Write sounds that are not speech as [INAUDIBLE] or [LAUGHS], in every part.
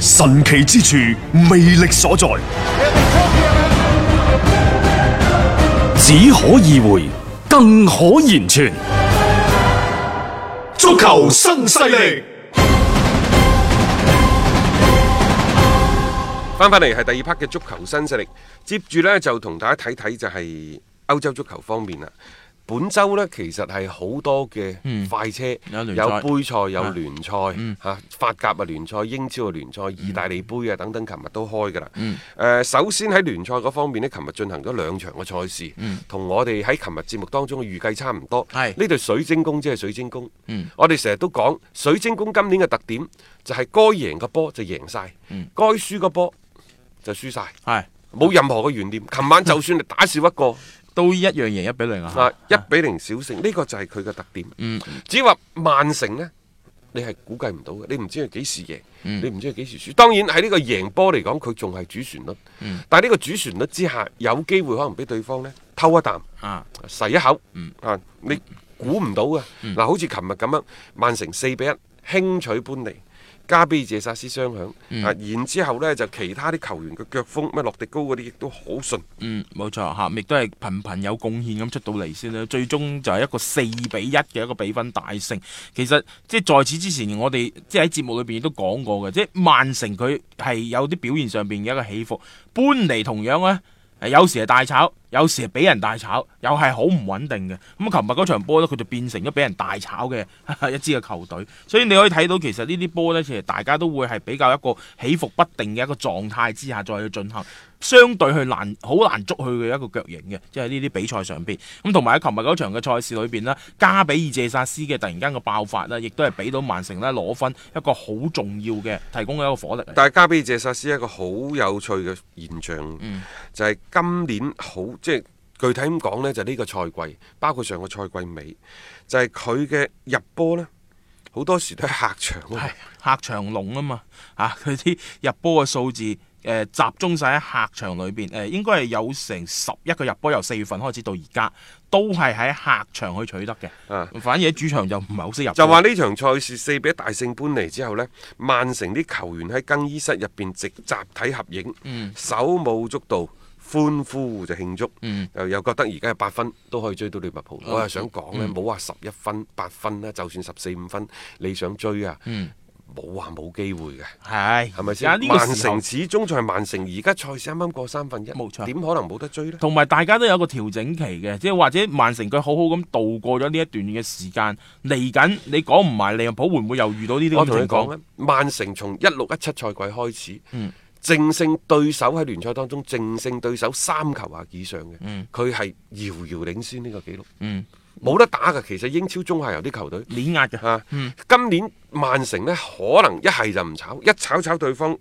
神奇之處，魅力所在，只可意會，更可言傳。足球新勢力，翻翻嚟係第二 part 嘅足球新勢力，接住呢，就同大家睇睇就係歐洲足球方面啦。本周呢，其實係好多嘅快車，有杯賽，有聯賽嚇，法甲嘅聯賽、英超嘅聯賽、意大利杯啊等等，琴日都開㗎喇。誒，首先喺聯賽嗰方面呢，琴日進行咗兩場嘅賽事，同我哋喺琴日節目當中嘅預計差唔多。呢對水晶宮即係水晶宮，我哋成日都講水晶宮今年嘅特點就係該贏個波就贏晒，該輸個波就輸晒，冇任何嘅懸念。琴晚就算你打少一個，都一樣贏一比零啊！啊，一比零小勝，啊，呢個就係佢嘅特點。嗯，只話曼城呢，你係估計唔到嘅，你唔知佢幾時贏，嗯、你唔知佢幾時輸。當然喺呢個贏波嚟講，佢仲係主旋律。嗯、但係呢個主旋律之下，有機會可能俾對方咧偷一啖，啊，噬一口。啊，你估唔到嘅。嗱、嗯，嗯、好似琴日咁樣，曼城四比一輕取般尼。加比、謝薩斯雙響，啊、嗯，然之後呢，就其他啲球員嘅腳風，咩洛迪高嗰啲亦都好順。嗯，冇錯吓，亦都係頻頻有貢獻咁出到嚟先啦。最終就係一個四比一嘅一個比分大勝。其實即係在此之前，我哋即係喺節目裏邊都講過嘅，即係曼城佢係有啲表現上邊嘅一個起伏。般尼同樣呢。有時係大炒，有時係俾人大炒，又係好唔穩定嘅。咁琴日嗰場波咧，佢就變成咗俾人大炒嘅 [LAUGHS] 一支嘅球隊，所以你可以睇到其實呢啲波呢，其實大家都會係比較一個起伏不定嘅一個狀態之下再去進行。相對去難好難捉佢嘅一個腳型嘅，即係呢啲比賽上邊，咁同埋喺琴日嗰場嘅賽事裏邊呢，加比爾謝薩斯嘅突然間個爆發呢，亦都係俾到曼城呢攞分一個好重要嘅提供一個火力。但係加比爾謝薩斯一個好有趣嘅現象，嗯、就係今年好即係具體咁講呢，就呢個賽季，包括上個賽季尾，就係佢嘅入波呢，好多時都係客場啊，哎，客場龍啊嘛，啊佢啲入波嘅數字。誒、呃，集中晒喺客場裏邊，誒、呃，應該係有成十一個入波，由四月份開始到而家，都係喺客場去取得嘅。啊、反而喺主場就唔係好識入。就話呢場賽事四比一大勝般尼之後呢，曼城啲球員喺更衣室入邊直集體合影，嗯、手舞足蹈，歡呼就慶祝，又、嗯、又覺得而家係八分都可以追到利物浦。嗯、我又想講呢冇話十一分，八分啦，就算十四五分，你想追啊？嗯冇話冇機會嘅，係係咪先？曼城始終就係曼城，而家賽事啱啱過三分一，冇錯，點可能冇得追呢？同埋大家都有個調整期嘅，即係或者曼城佢好好咁度過咗呢一段嘅時間，嚟緊你講唔埋利物浦會唔會又遇到呢啲，我同你講咧？曼城從一六一七賽季開始，嗯，淨勝對手喺聯賽當中淨勝對手三球啊，以上嘅，佢係遙遙領先呢個紀錄，嗯。冇得打噶，其實英超中下游啲球隊碾壓嘅吓，今年曼城呢可能一係就唔炒，一炒炒對方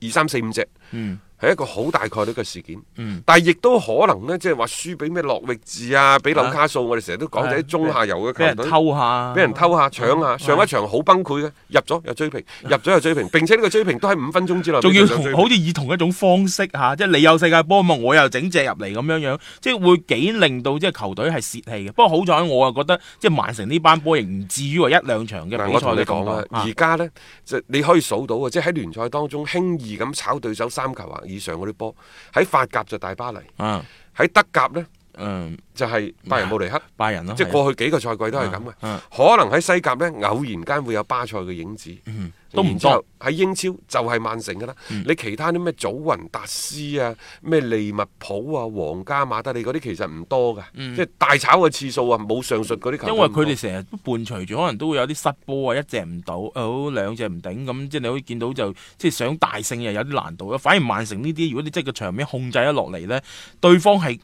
二三四五隻。嗯，係一個好大概率嘅事件，但係亦都可能呢，即係話輸俾咩洛域治啊，俾紐卡素，我哋成日都講啲中下游嘅球隊，俾人偷下，俾人偷下，搶下，上一場好崩潰嘅，入咗又追平，入咗又追平，並且呢個追平都喺五分鐘之內，仲要好似以同一種方式吓，即係你有世界波我又整隻入嚟咁樣樣，即係會幾令到即係球隊係洩氣嘅。不過好在我又覺得即係曼城呢班波型唔至於話一兩場嘅比賽，我同你講啦，而家呢，就你可以數到嘅，即係喺聯賽當中輕易咁炒對手三球啊以上嗰啲波，喺法甲就大巴黎，嗯，喺德甲咧。嗯，就係拜仁慕尼黑，拜仁咯，即係過去幾個賽季都係咁嘅。啊啊、可能喺西甲呢，偶然間會有巴塞嘅影子，嗯、都唔多。喺英超就係曼城噶啦。嗯、你其他啲咩祖雲達斯啊，咩利物浦啊，皇家馬德里嗰啲，其實唔多嘅，嗯、即係大炒嘅次數啊，冇上述嗰啲。因為佢哋成日都伴隨住，可能都會有啲失波啊，一隻唔到，好、哦、兩隻唔頂咁，即係你可以見到就即係想大勝又有啲難度。反而曼城呢啲，如果你即係個場面控制得落嚟呢，對方係。嗯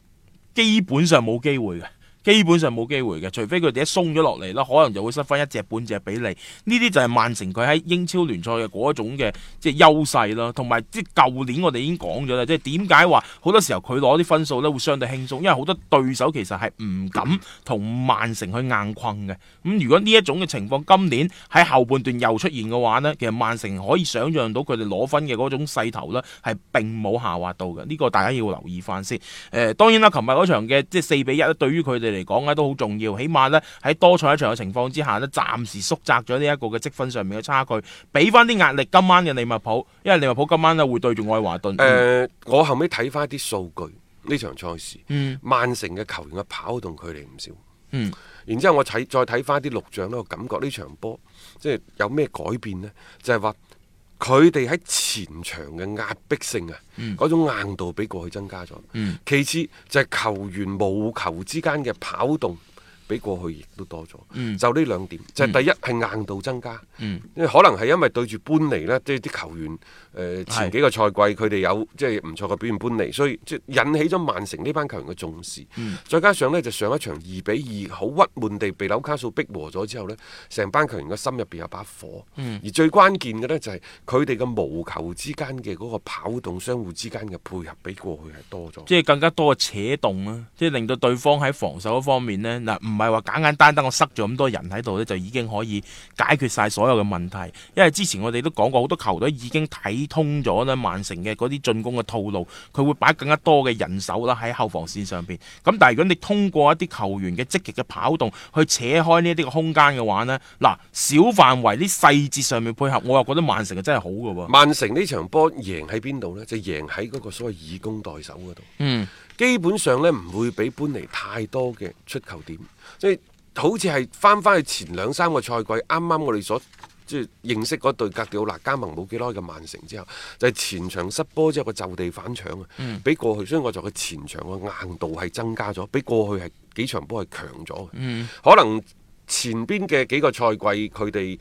基本上冇機會嘅。基本上冇機會嘅，除非佢哋一鬆咗落嚟啦，可能就會失分一隻半隻俾你。呢啲就係曼城佢喺英超聯賽嘅嗰一種嘅即係優勢啦，同埋即係舊年我哋已經講咗啦，即係點解話好多時候佢攞啲分數咧會相對輕鬆，因為好多對手其實係唔敢同曼城去硬困嘅。咁如果呢一種嘅情況今年喺後半段又出現嘅話咧，其實曼城可以想象到佢哋攞分嘅嗰種勢頭咧係並冇下滑到嘅。呢個大家要留意翻先。誒，當然啦，琴日嗰場嘅即係四比一，對於佢哋。嚟講咧都好重要，起碼咧喺多賽一場嘅情況之下呢，暫時縮窄咗呢一個嘅積分上面嘅差距，俾翻啲壓力，今晚嘅利物浦，因為利物浦今晚呢會對住愛華頓。誒、嗯呃，我後尾睇翻啲數據，呢場賽事，曼城嘅球員嘅跑動距離唔少，嗯，然之後我睇再睇翻啲錄像呢，我感覺呢場波即係有咩改變呢？就係、是、話。佢哋喺前場嘅壓迫性啊，嗰、嗯、種硬度比過去增加咗。嗯、其次就係球員無球之間嘅跑動。比過去亦都多咗，嗯、就呢兩點，就係、第一係、嗯、硬度增加，因為、嗯、可能係因為對住般尼咧，即係啲球員誒、呃、前幾個賽季佢哋是有即係唔錯嘅表現般尼，所以即引起咗曼城呢班球員嘅重視。嗯、再加上呢，就上一場二比二好屈悶地被紐卡素逼和咗之後呢，成班球員嘅心入邊有把火。嗯、而最關鍵嘅呢，就係佢哋嘅無球之間嘅嗰個跑動、相互之間嘅配合比過去係多咗，即係更加多嘅扯動啦、啊，即係令到對方喺防守方面呢。嗱唔。唔係話簡簡單單，我塞咗咁多人喺度呢，就已經可以解決晒所有嘅問題。因為之前我哋都講過，好多球隊已經睇通咗啦，曼城嘅嗰啲進攻嘅套路，佢會擺更加多嘅人手啦喺後防線上邊。咁但係如果你通過一啲球員嘅積極嘅跑動去扯開呢啲嘅空間嘅話呢，嗱，小範圍啲細節上面配合，我又覺得曼城係真係好㗎喎。曼城呢場波贏喺邊度呢？就贏喺嗰個所謂以攻代守嗰度。嗯，基本上呢，唔會俾搬嚟太多嘅出球點。即係好似係翻翻去前兩三個賽季，啱啱我哋所即係認識嗰隊格迪奧拿加盟冇幾耐嘅曼城之後，就係、前場失波之後個就地反搶啊、嗯，比過去，所以我就個前場個硬度係增加咗，比過去係幾場波係強咗。嗯、可能前邊嘅幾個賽季佢哋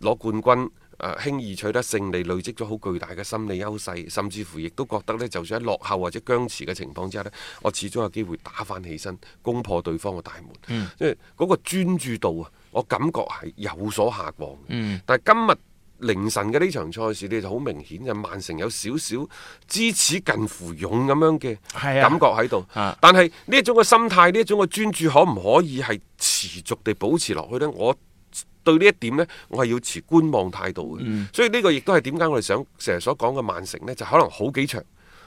攞冠軍。誒輕易取得勝利，累積咗好巨大嘅心理優勢，甚至乎亦都覺得咧，就算喺落後或者僵持嘅情況之下咧，我始終有機會打返起身，攻破對方嘅大門。嗯、因為嗰個專注度啊，我感覺係有所下降。嗯、但係今日凌晨嘅呢場賽事咧，就好明顯就曼城有少少知恥近乎勇咁樣嘅、啊、感覺喺度。啊、但係呢一種嘅心態，呢一種嘅專注，可唔可以係持續地保持落去呢？我對呢一點呢，我係要持觀望態度嘅，嗯、所以呢個亦都係點解我哋想成日所講嘅曼城呢，就是、可能好幾場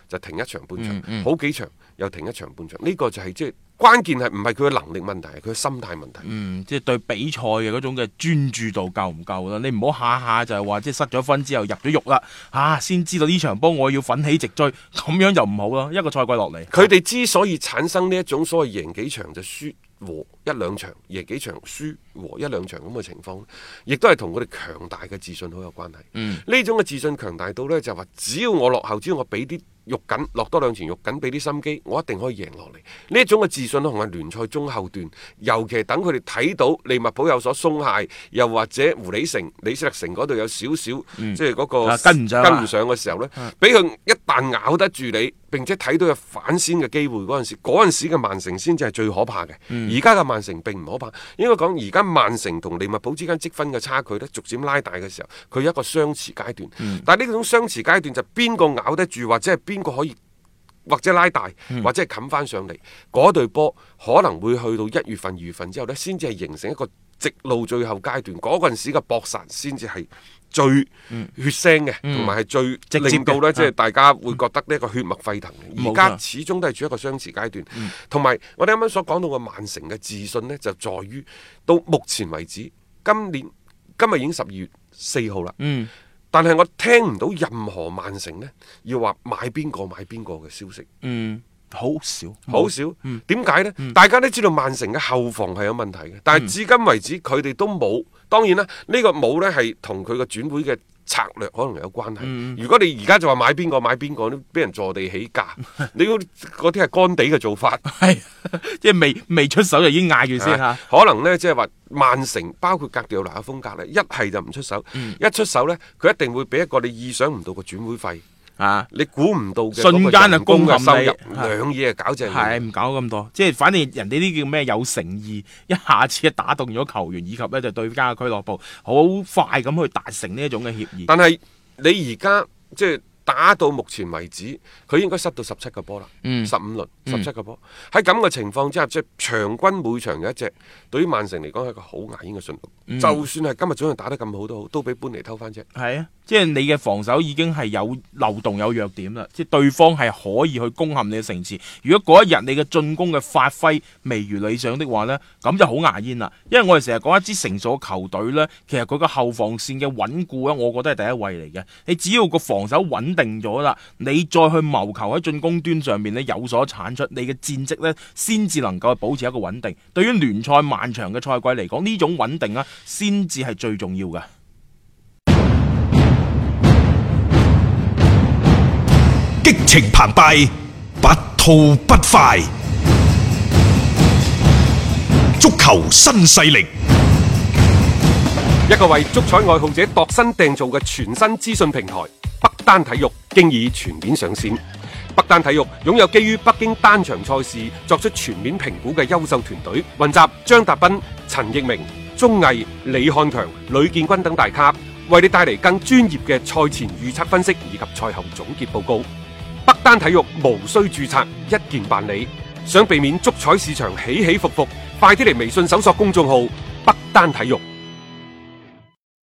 就停一場半場，嗯嗯、好幾場又停一場半場，呢、這個就係即係關鍵係唔係佢嘅能力問題，係佢嘅心態問題，即係、嗯就是、對比賽嘅嗰種嘅專注度夠唔夠啦？你唔好下下就係話即係失咗分之後入咗獄啦，啊，先知道呢場波我要奮起直追，咁樣就唔好咯。一個賽季落嚟，佢哋之所以產生呢一種所謂贏幾場就輸。一和一兩場，贏幾場，輸和一兩場咁嘅情況，亦都係同佢哋強大嘅自信好有關係。呢、嗯、種嘅自信強大到呢，就係話只要我落後，只要我俾啲。肉緊落多兩錢肉緊，俾啲心機，我一定可以贏落嚟。呢一種嘅自信同埋聯賽中後段，尤其等佢哋睇到利物浦有所鬆懈，又或者狐狸城、李斯特城嗰度有少少、嗯、即係嗰、嗰個跟唔上，跟唔上嘅時候呢，俾佢、嗯、一旦咬得住你，並且睇到有反先嘅機會嗰陣時，嗰陣時嘅曼城先至係最可怕嘅。而家嘅曼城並唔可怕，應該講而家曼城同利物浦之間積分嘅差距呢，逐漸拉大嘅時候，佢有一個相持階段。嗯、但係呢種相持階段就邊個咬得住，或者係邊個可以或者拉大或者係冚翻上嚟？嗰隊、嗯、波可能會去到一月份、二月份之後呢，先至係形成一個直路最後階段。嗰陣時嘅搏殺先至係最血腥嘅，同埋係最令到呢即係大家會覺得呢一個血脈沸騰。而家、嗯、始終都係處一個相持階段。同埋、嗯、我哋啱啱所講到嘅曼城嘅自信呢，就在於到目前為止，今年今日已經十二月四號啦。嗯。但係我聽唔到任何曼城呢要話買邊個買邊個嘅消息，嗯，好少，好少，點解、嗯、呢？嗯、大家都知道曼城嘅後防係有問題嘅，但係至今為止佢哋、嗯、都冇，當然啦，這個、呢個冇呢係同佢個轉會嘅。策略可能有關係。嗯、如果你而家就話買邊個買邊個，都俾人坐地起價。 [LAUGHS] 你嗰啲係乾地嘅做法，係 [LAUGHS] [LAUGHS] 即係未未出手就已經嗌住先嚇。可能咧即係話曼城包括格調拿風格咧，一係就唔出手，嗯、一出手咧佢一定會俾一個你意想唔到嘅轉會費。啊！你估唔到嘅瞬間就攻陷你，兩嘢搞正，係唔搞咁多，即係反正人哋呢啲叫咩有誠意，一下子打動咗球員以及咧就對家嘅俱樂部，好快咁去達成呢一種嘅協議。但係你而家即係。打到目前為止，佢應該塞到十七個波啦，十五、嗯、輪十七個波。喺咁嘅情況之下，即、就、係、是、場均每場有一隻，對於曼城嚟講係一個好牙煙嘅信號。嗯、就算係今日早上打得咁好都好，都俾搬嚟偷翻啫。係啊，即、就、係、是、你嘅防守已經係有漏洞、有弱點啦。即、就、係、是、對方係可以去攻陷你嘅城池。如果嗰一日你嘅進攻嘅發揮未如理想的話呢，咁就好牙煙啦。因為我哋成日講一支成熟嘅球隊呢，其實佢個後防線嘅穩固啊，我覺得係第一位嚟嘅。你只要個防守穩。定咗啦，你再去謀求喺進攻端上面咧有所產出，你嘅戰績咧先至能夠保持一個穩定。對於聯賽漫長嘅賽季嚟講，呢種穩定啊，先至係最重要嘅。激情澎湃，不吐不快。足球新勢力，一個為足彩愛好者度身訂造嘅全新資訊平台。單體育經已全面上線，北單體育擁有基於北京單場賽事作出全面評估嘅優秀團隊，雲集張達斌、陳奕明、鐘毅、李漢強、呂建軍等大咖，為你帶嚟更專業嘅賽前預測分析以及賽後總結報告。北單體育無需注冊，一鍵辦理，想避免足彩市場起起伏伏，快啲嚟微信搜索公眾號北單體育。